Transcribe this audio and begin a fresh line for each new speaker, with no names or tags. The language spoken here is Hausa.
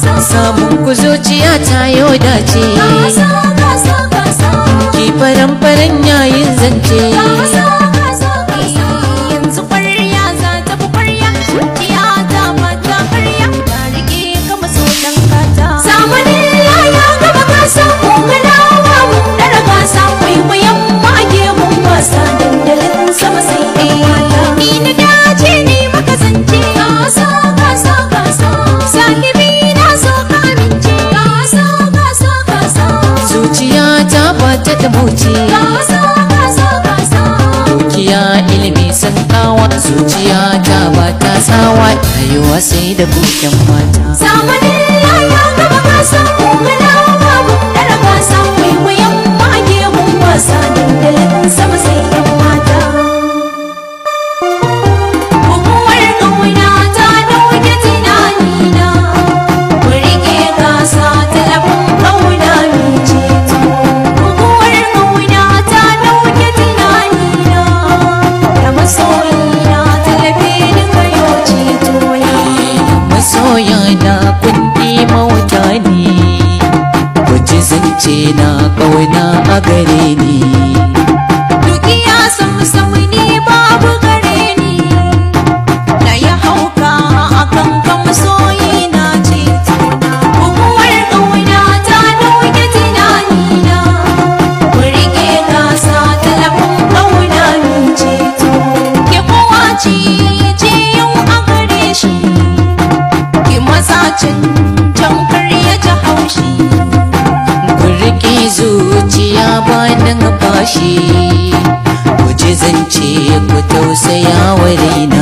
samun ku zuciya ta yau dace ki faran yayin zance
ta dukiya ilimi
sun kawa zuciya ta ba ta tsawa rayuwa sai da buken mata na ƙauna
a gare
tashi ku ji zance ku tausaya wa